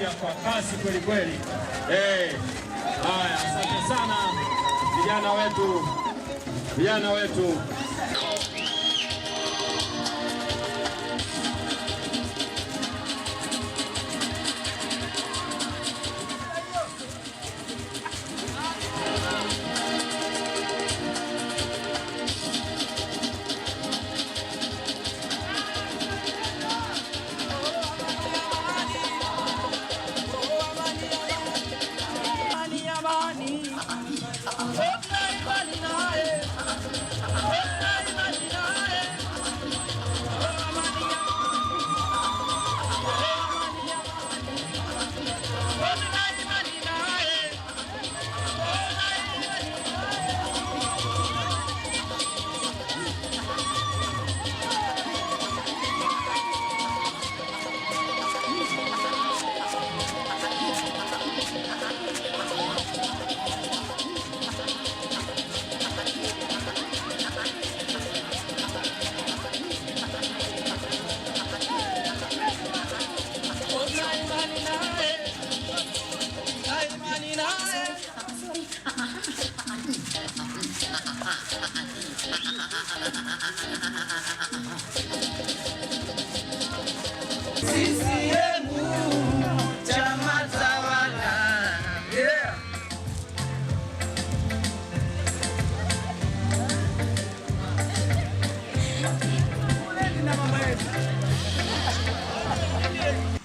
kuja kwa kasi kweli kweli. Hey, eh, haya, asante sana vijana wetu, vijana wetu.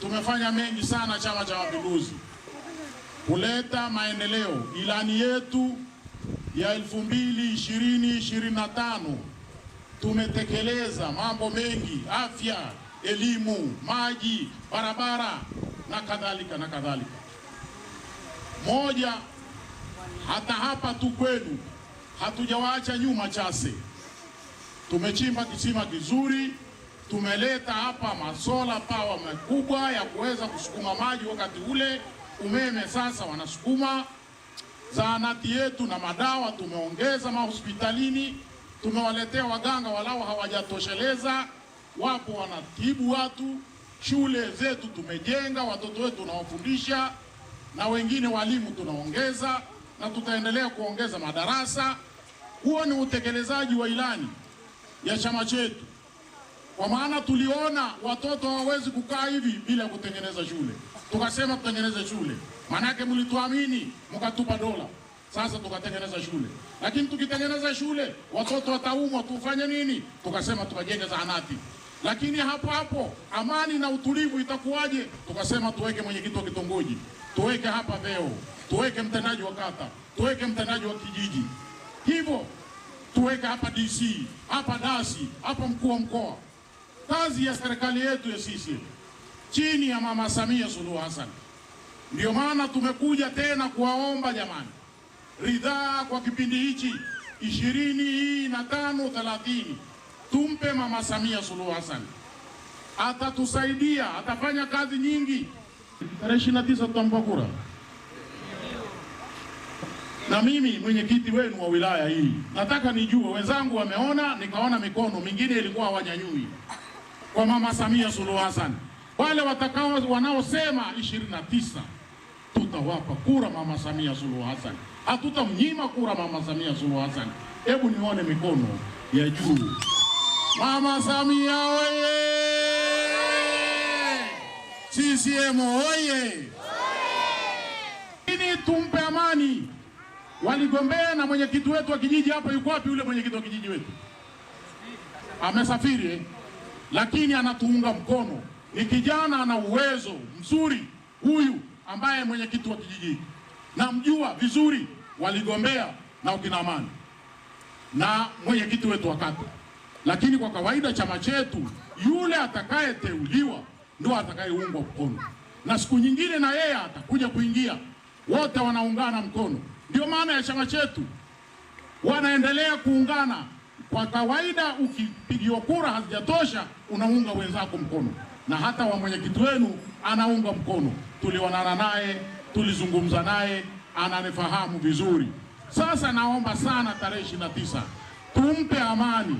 Tumefanya mengi sana Chama cha Mapinduzi kuleta maendeleo. Ilani yetu ya 2020-2025 tumetekeleza mambo mengi: afya, elimu, maji, barabara na kadhalika na kadhalika. Moja, hata hapa tu kwenu hatujawaacha nyuma Chase. Tumechimba kisima kizuri, tumeleta hapa masola pawa makubwa ya kuweza kusukuma maji wakati ule, umeme sasa wanasukuma. Zahanati yetu na madawa tumeongeza mahospitalini, tumewaletea waganga walao hawajatosheleza, wapo wanatibu watu. Shule zetu tumejenga, watoto wetu tunawafundisha, na wengine walimu tunaongeza, na tutaendelea kuongeza madarasa. Huo ni utekelezaji wa ilani ya chama chetu, kwa maana tuliona watoto hawawezi kukaa hivi bila kutengeneza shule, tukasema tutengeneze shule. Manake mlituamini mkatupa dola, sasa tukatengeneza shule. Lakini tukitengeneza shule watoto wataumwa, tufanye nini? Tukasema tukajenge zahanati lakini hapo hapo amani na utulivu itakuwaje? Tukasema tuweke mwenyekiti wa kitongoji, tuweke hapa veo, tuweke mtendaji wa kata, tuweke mtendaji wa kijiji, hivyo tuweke hapa DC, hapa dasi, hapa mkuu wa mkoa. Kazi ya serikali yetu ya sisi chini ya mama Samia Suluhu Hassan. Ndio maana tumekuja tena kuwaomba jamani, ridhaa kwa kipindi hichi ishirini na tano thelathini tumpe mama Samia Suluhu Hassan, atatusaidia atafanya kazi nyingi. Tarehe ishirini na tisa kura na mimi mwenyekiti wenu wa wilaya hii nataka nijue, wenzangu wameona, nikaona mikono mingine ilikuwa hawanyanyui kwa mama Samia Suluhu Hassan. Wale watakao wanaosema ishirini na tisa tutawapa kura mama Samia Suluhu Hassan, hatutamnyima kura mama Samia Suluhu Hassan. Hebu nione mikono ya juu. Mama Samia oye! CCM oye! Ini tumpe amani waligombea na mwenyekiti wetu wa kijiji hapa. Yuko wapi yule mwenyekiti wa kijiji wetu? Amesafiri eh? Lakini anatuunga mkono, ni kijana ana uwezo mzuri huyu, ambaye mwenyekiti wa kijiji namjua vizuri, waligombea na ukina Amani na mwenyekiti wetu wa kata. Lakini kwa kawaida chama chetu, yule atakayeteuliwa ndio atakayeungwa mkono, na siku nyingine na yeye atakuja kuingia, wote wanaungana mkono. Ndio maana ya chama chetu wanaendelea kuungana. Kwa kawaida, ukipigiwa kura hazijatosha, unaunga wenzako mkono, na hata wa mwenyekiti wenu anaunga mkono. Tulionana naye, tulizungumza naye, ananifahamu vizuri. Sasa naomba sana, tarehe ishirini na tisa tumpe amani,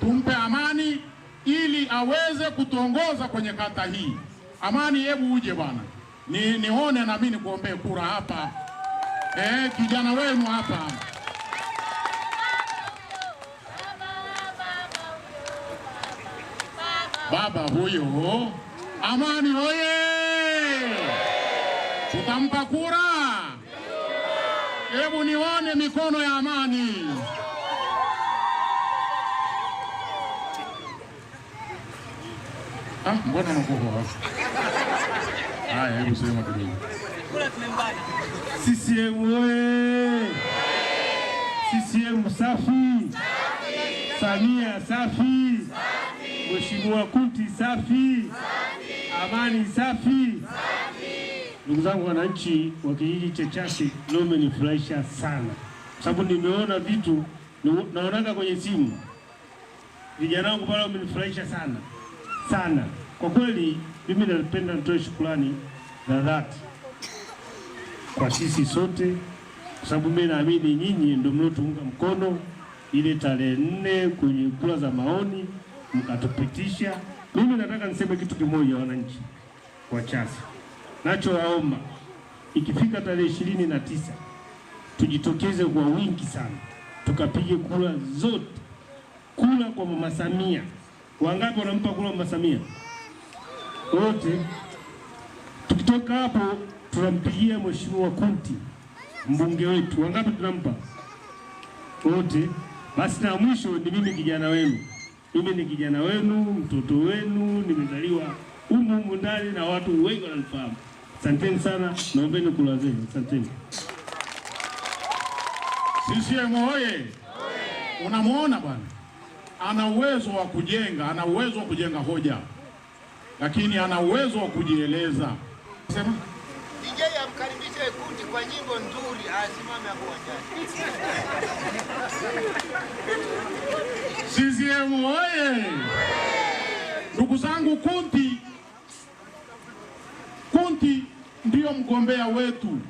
tumpe amani ili aweze kutuongoza kwenye kata hii. Amani, hebu uje bwana, ni nione mimi nikuombee kura hapa eh, kijana wenu hapa baba huyo Amani oye! tutampa kura. Hebu nione mikono ya Amani. Ah, mbona nakuhoa? Haya, hebu sema kidogo. Kula tumembana. CCM oye! CCM safi! Samia safi! Mheshimiwa Kuti safi! Amani safi! Ndugu zangu wananchi wa kijiji cha Chasi, leo imenifurahisha sana kwa sababu nimeona vitu naonaga kwenye simu. Vijana wangu pale wamenifurahisha sana sana, kwa kweli. Mimi napenda nitoe shukrani za dhati kwa sisi sote, kwa sababu mimi naamini nyinyi ndio mliotuunga mkono ile tarehe nne kwenye kura za maoni mkatupitisha. Mimi nataka niseme kitu kimoja, wananchi wa Chasa, nachowaomba ikifika tarehe ishirini na tisa tujitokeze kwa wingi sana tukapige kura zote, kura kwa mama Samia. Wangapi wanampa kura mama Samia? Wote tukitoka hapo tunampigia mheshimiwa Kunti mbunge wetu, wangapi tunampa? Wote. Basi na mwisho ni mimi kijana wenu, mimi ni kijana wenu, mtoto wenu, nimezaliwa humu humu ndani na watu wengi wananifahamu. Asanteni sana, naombeni kula zenu. Asanteni. CCM oye! Unamwona bwana, ana uwezo wa kujenga, ana uwezo wa kujenga hoja, lakini ana uwezo wa kujieleza. Sema kwa nyimbo nzuri, asimame CCM oye! Ndugu zangu, Kunti Kunti ndiyo mgombea wetu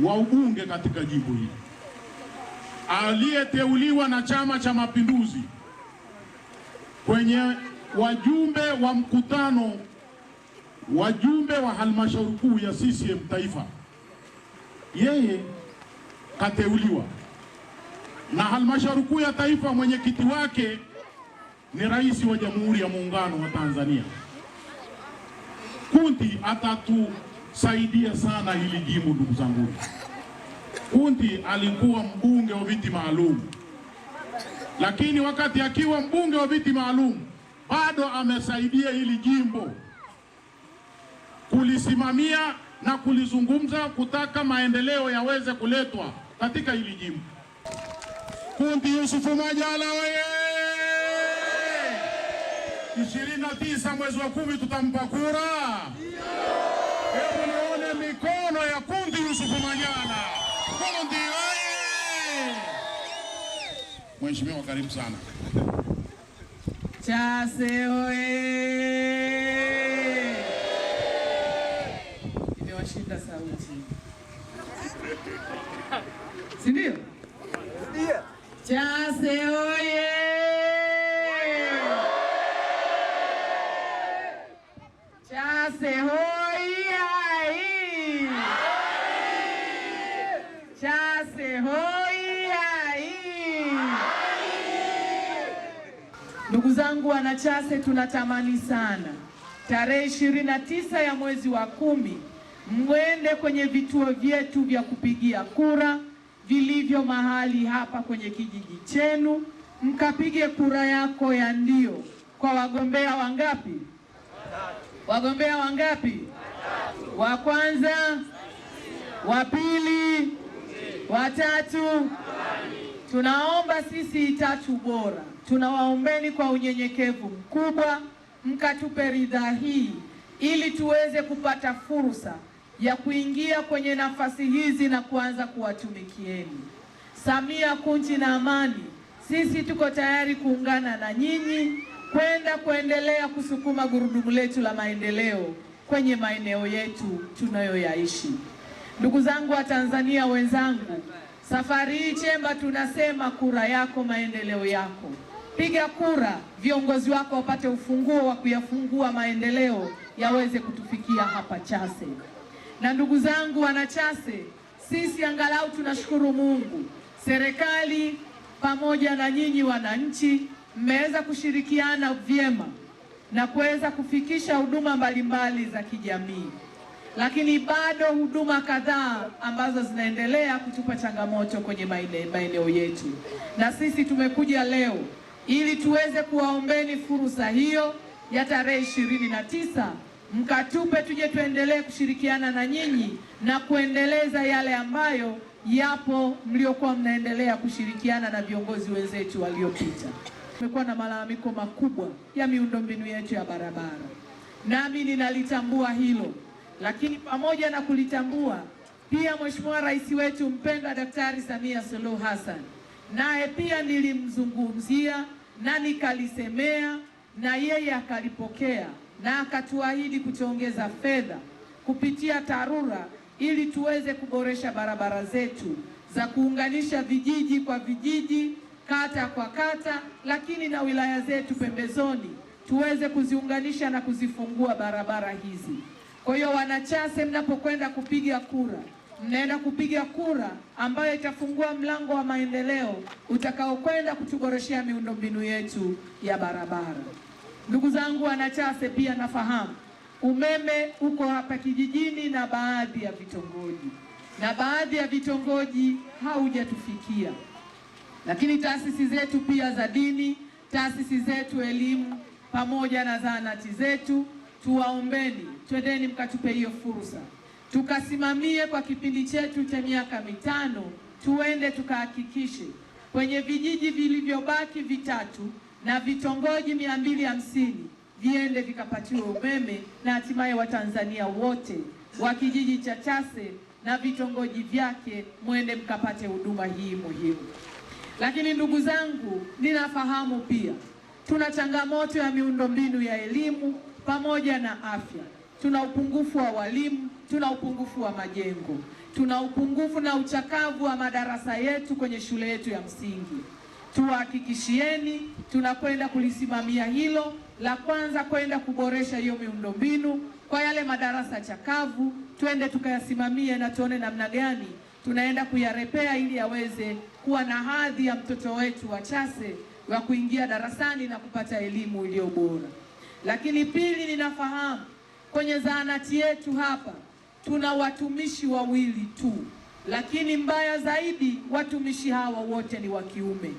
wa ubunge katika jimbo hili aliyeteuliwa na Chama cha Mapinduzi kwenye wajumbe wa mkutano wajumbe wa halmashauri kuu ya CCM taifa yeye kateuliwa na halmashauri kuu ya taifa. Mwenyekiti wake ni rais wa Jamhuri ya Muungano wa Tanzania. Kunti atatusaidia sana hili jimbo, ndugu zangu. Kunti alikuwa mbunge wa viti maalum, lakini wakati akiwa mbunge wa viti maalum bado amesaidia hili jimbo kulisimamia na kulizungumza kutaka maendeleo yaweze kuletwa katika hili jimbo. Kundi Yusufu Majala wewe, 29 mwezi wa kumi tutampa kura. Hebu nione mikono ya kundi Yusufu Majala. Kundi wewe, mheshimiwa, karibu sana. Chase wewe. Chase oye! Chase Chase Ndugu zangu wana Chase, tunatamani sana tarehe ishirini na tisa ya mwezi wa kumi mwende kwenye vituo vyetu vya kupigia kura vilivyo mahali hapa kwenye kijiji chenu, mkapige kura yako ya ndio kwa wagombea wangapi? Wagombea wangapi? Wa kwanza, wa pili, wa tatu. Tunaomba sisi Itatu Bora, tunawaombeni kwa unyenyekevu mkubwa, mkatupe ridhaa hii ili tuweze kupata fursa ya kuingia kwenye nafasi hizi na kuanza kuwatumikieni. Samia Kunji na Amani, sisi tuko tayari kuungana na nyinyi kwenda kuendelea kusukuma gurudumu letu la maendeleo kwenye maeneo yetu tunayoyaishi. Ndugu zangu wa Tanzania wenzangu, safari hii Chemba tunasema kura yako maendeleo yako. Piga kura, viongozi wako wapate ufunguo wa kuyafungua maendeleo yaweze kutufikia hapa Chase. Na ndugu zangu wanachase, sisi angalau tunashukuru Mungu, serikali pamoja na nyinyi wananchi mmeweza kushirikiana vyema na kuweza kufikisha huduma mbalimbali za kijamii, lakini bado huduma kadhaa ambazo zinaendelea kutupa changamoto kwenye maeneo yetu, na sisi tumekuja leo ili tuweze kuwaombeni fursa hiyo ya tarehe ishirini na tisa mkatupe tuje tuendelee kushirikiana na nyinyi na kuendeleza yale ambayo yapo mliokuwa mnaendelea kushirikiana na viongozi wenzetu waliopita. Tumekuwa na malalamiko makubwa ya miundombinu yetu ya barabara, nami ninalitambua hilo, lakini pamoja na kulitambua pia Mheshimiwa Rais wetu mpendwa Daktari Samia Suluhu Hassan naye pia nilimzungumzia na nikalisemea na yeye akalipokea na akatuahidi kutuongeza fedha kupitia TARURA ili tuweze kuboresha barabara zetu za kuunganisha vijiji kwa vijiji, kata kwa kata, lakini na wilaya zetu pembezoni tuweze kuziunganisha na kuzifungua barabara hizi. Kwa hiyo, wanachase, mnapokwenda kupiga kura, mnaenda kupiga kura ambayo itafungua mlango wa maendeleo utakaokwenda kutuboreshea miundombinu yetu ya barabara. Ndugu zangu wanachase, pia nafahamu umeme uko hapa kijijini na baadhi ya vitongoji, na baadhi ya vitongoji haujatufikia, lakini taasisi zetu pia za dini, taasisi zetu elimu, pamoja na zahanati zetu, tuwaombeni, twendeni mkatupe hiyo fursa, tukasimamie kwa kipindi chetu cha miaka mitano, tuende tukahakikishe kwenye vijiji vilivyobaki vitatu na vitongoji mia mbili hamsini viende vikapatiwe umeme na hatimaye Watanzania wote wa kijiji cha Chase na vitongoji vyake mwende mkapate huduma hii muhimu. Lakini ndugu zangu, ninafahamu pia tuna changamoto ya miundombinu ya elimu pamoja na afya. Tuna upungufu wa walimu, tuna upungufu wa majengo, tuna upungufu na uchakavu wa madarasa yetu kwenye shule yetu ya msingi tuwahakikishieni tunakwenda kulisimamia hilo. La kwanza kwenda kuboresha hiyo miundombinu kwa yale madarasa chakavu, twende tukayasimamie na tuone namna gani tunaenda kuyarepea ili yaweze kuwa na hadhi ya mtoto wetu wa Chase wa kuingia darasani na kupata elimu iliyo bora. Lakini pili, ninafahamu kwenye zahanati yetu hapa tuna watumishi wawili tu, lakini mbaya zaidi watumishi hawa wote ni wa kiume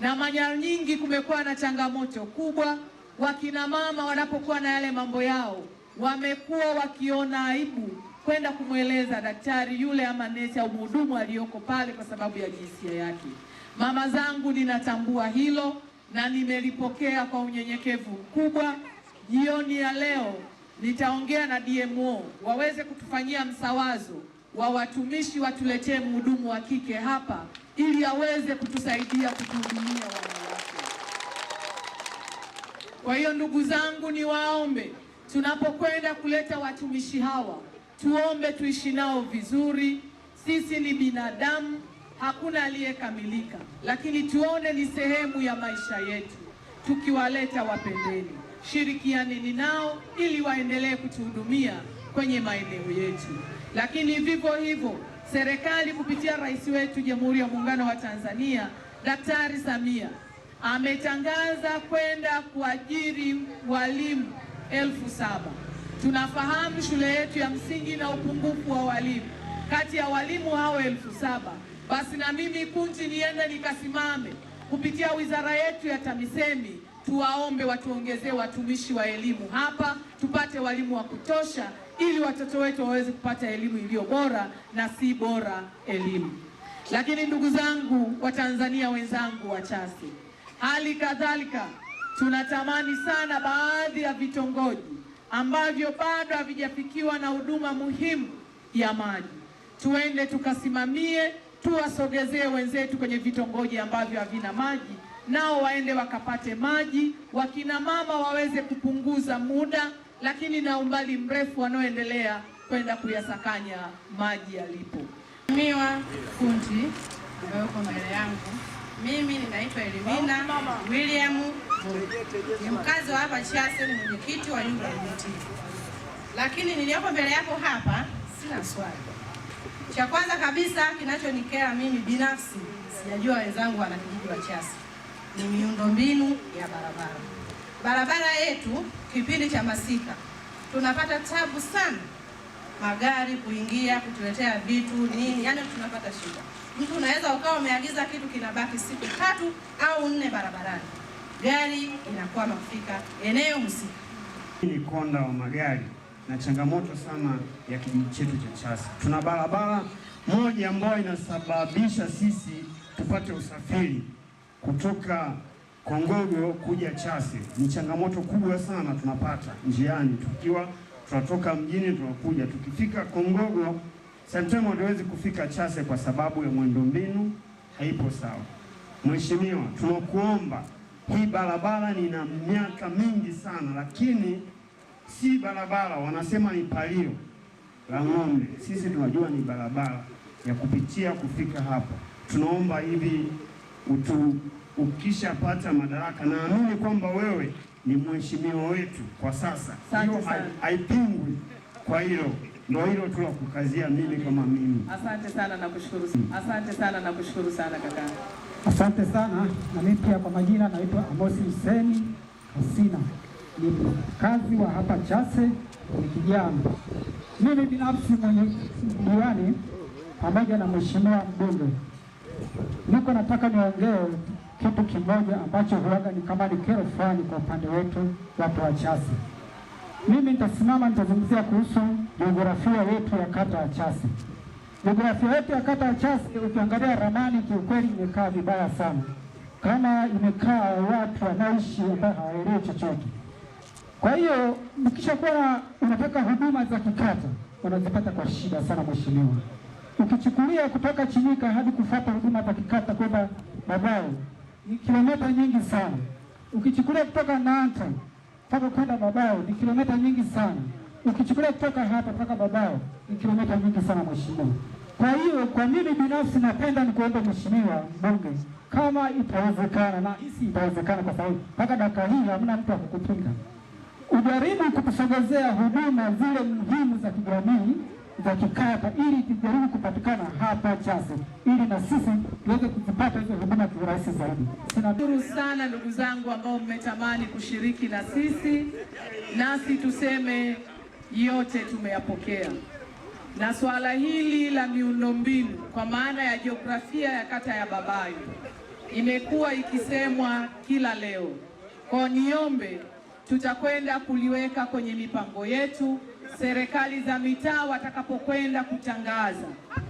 na mara nyingi kumekuwa na changamoto kubwa, wakina mama wanapokuwa na yale mambo yao wamekuwa wakiona aibu kwenda kumweleza daktari yule ama nesi au mhudumu aliyoko pale kwa sababu ya jinsia yake. Mama zangu, ninatambua hilo na nimelipokea kwa unyenyekevu mkubwa. Jioni ya leo nitaongea na DMO waweze kutufanyia msawazo wa watumishi, watuletee mhudumu wa kike hapa ili aweze kutusaidia kutuhudumia wanawake Kwa hiyo ndugu zangu, niwaombe tunapokwenda kuleta watumishi hawa tuombe tuishi nao vizuri. Sisi ni binadamu, hakuna aliyekamilika, lakini tuone ni sehemu ya maisha yetu. Tukiwaleta wapendeni, shirikianeni nao ili waendelee kutuhudumia kwenye maeneo yetu, lakini vivyo hivyo Serikali kupitia rais wetu Jamhuri ya Muungano wa Tanzania Daktari Samia ametangaza kwenda kuajiri walimu elfu saba. Tunafahamu shule yetu ya msingi na upungufu wa walimu. Kati ya walimu hao elfu saba, basi na mimi kunji niende nikasimame kupitia wizara yetu ya TAMISEMI tuwaombe watuongezee watumishi wa elimu hapa, tupate walimu wa kutosha, ili watoto wetu waweze kupata elimu iliyo bora na si bora elimu. Lakini ndugu zangu, wa tanzania wenzangu Chasi, hali kadhalika tunatamani sana baadhi ya vitongoji ambavyo bado havijafikiwa na huduma muhimu ya maji, tuende tukasimamie, tuwasogezee wenzetu kwenye vitongoji ambavyo havina maji nao waende wakapate maji, wakina mama waweze kupunguza muda, lakini na umbali mrefu wanaoendelea kwenda kuyasakanya maji yalipo. Mheshimiwa Kundi ambaye uko mbele yangu, mimi ninaitwa Elimina William, ni mkazi wa hapa Chiasse, ni mwenyekiti wa nyumba ya miti, lakini niliyopo mbele yako hapa sina swali. Cha kwanza kabisa kinachonikera mimi binafsi, sijajua wenzangu wanakijiji wa Chiasse ni miundombinu ya barabara. Barabara yetu kipindi cha masika tunapata tabu sana, magari kuingia kutuletea vitu nini, yani tunapata shida. Mtu unaweza ukawa umeagiza kitu kinabaki siku tatu au nne barabarani, gari inakwama kufika eneo husika. Ni konda wa magari na changamoto sana ya kijiji chetu cha Chasi. Tuna barabara moja ambayo inasababisha sisi tupate usafiri kutoka Kongogo kuja chase ni changamoto kubwa sana tunapata njiani, tukiwa tunatoka mjini tunakuja, tukifika Kongogo sometimes hatuwezi kufika Chafe kwa sababu ya mbinu haipo sawa. Mheshimiwa, tunakuomba hii barabara ni na miaka mingi sana, lakini si barabara, wanasema ni palio la ng'ombe. Sisi tunajua ni barabara ya kupitia kufika hapa. Tunaomba hivi utu ukishapata madaraka, naamini kwamba wewe ni mheshimiwa wetu kwa sasa, hiyo haipingwi. Kwa hiyo ndio hilo tu la kukazia mimi kama mimi. Asante sana na kushukuru, asante sana na kushukuru sana kaka, asante sana na mimi pia. Kwa majina naitwa Amosi Huseni hasina ni mkazi wa hapa Chase, ni kijana mimi binafsi mwenye diwani pamoja na mheshimiwa mbunge Niko nataka niongee kitu kimoja ambacho huaga ni kama ni kero fulani kwa upande wetu watu wa Chasi. Mimi nitasimama nitazungumzia kuhusu jiografia yetu ya kata ya Chasi. Jiografia yetu ya kata ya Chasi, ukiangalia ramani, kiukweli imekaa vibaya sana, kama imekaa watu wanaoishi ambao hawaelewi chochote. Kwa hiyo mkishakuwa unataka huduma za kikata unazipata kwa shida sana, mheshimiwa. Ukichukulia kutoka Chinika hadi kufata huduma za kikata kwenda babao ni kilomita nyingi sana. Ukichukulia kutoka Nanta mpaka kwenda babao ni kilomita nyingi sana. Ukichukulia kutoka hapa mpaka babao ni kilomita nyingi sana, mheshimiwa. Kwa hiyo kwa mimi binafsi napenda nikuombe mheshimiwa mbunge, kama itawezekana, na hisi itawezekana, kwa sababu mpaka dakika hii hamna mtu akukupinga, ujaribu kutusogezea huduma zile muhimu za kijamii za kikata ili tujaribu kupatikana hapa Chase ili na sisi tuweze kuzipata hizo huduma kiurahisi zaidi. Tunashukuru sana ndugu zangu ambao mmetamani kushiriki na sisi, nasi tuseme yote tumeyapokea, na swala hili la miundombinu kwa maana ya jiografia ya kata ya Babayo imekuwa ikisemwa kila leo, kwa niombe tutakwenda kuliweka kwenye mipango yetu. Serikali za mitaa watakapokwenda kutangaza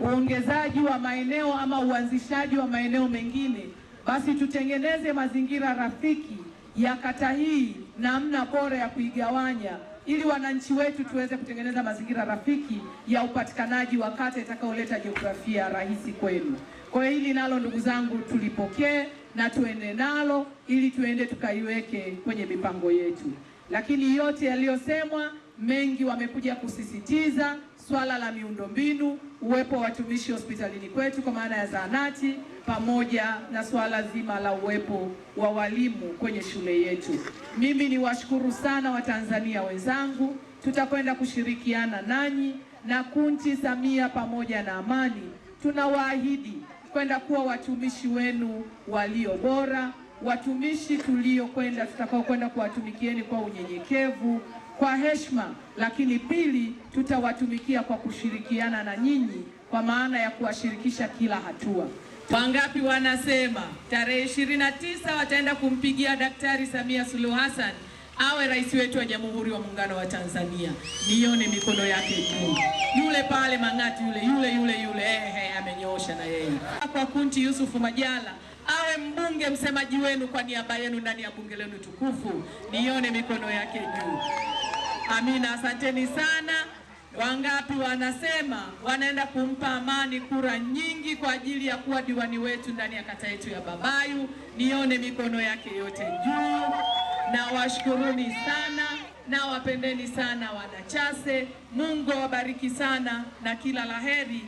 uongezaji wa maeneo ama uanzishaji wa maeneo mengine, basi tutengeneze mazingira rafiki ya kata hii, namna bora ya kuigawanya ili wananchi wetu tuweze kutengeneza mazingira rafiki ya upatikanaji wa kata itakayoleta jiografia rahisi kwenu. Kwa hiyo hili nalo, ndugu zangu, tulipokee na tuende nalo ili tuende tukaiweke kwenye mipango yetu. Lakini yote yaliyosemwa mengi wamekuja kusisitiza swala la miundombinu, uwepo wa watumishi hospitalini kwetu kwa maana ya zahanati, pamoja na swala zima la uwepo wa walimu kwenye shule yetu. Mimi niwashukuru sana Watanzania wenzangu, tutakwenda kushirikiana nanyi na kunti Samia pamoja na Amani, tunawaahidi kwenda kuwa watumishi wenu walio bora, watumishi tuliokwenda tutakaokwenda kuwatumikieni kwa unyenyekevu, kwa heshima, lakini pili, tutawatumikia kwa kushirikiana na nyinyi, kwa maana ya kuwashirikisha kila hatua. Wangapi wanasema tarehe 29 wataenda kumpigia Daktari Samia Suluhu Hassan awe rais wetu wa Jamhuri wa Muungano wa Tanzania. Nione mikono yake juu, yule pale Mang'ati, yule yule yule yule, ehe, amenyoosha na yeye. Kwa Kunti Yusufu Majala awe mbunge msemaji wenu kwa niaba yenu ndani ya bunge lenu tukufu, nione mikono yake juu. Amina, asanteni sana. Wangapi wanasema wanaenda kumpa Amani kura nyingi kwa ajili ya kuwa diwani wetu ndani ya kata yetu ya Babayu? Nione mikono yake yote juu na washukuruni sana na wapendeni sana Wanachase. Mungu awabariki sana na kila laheri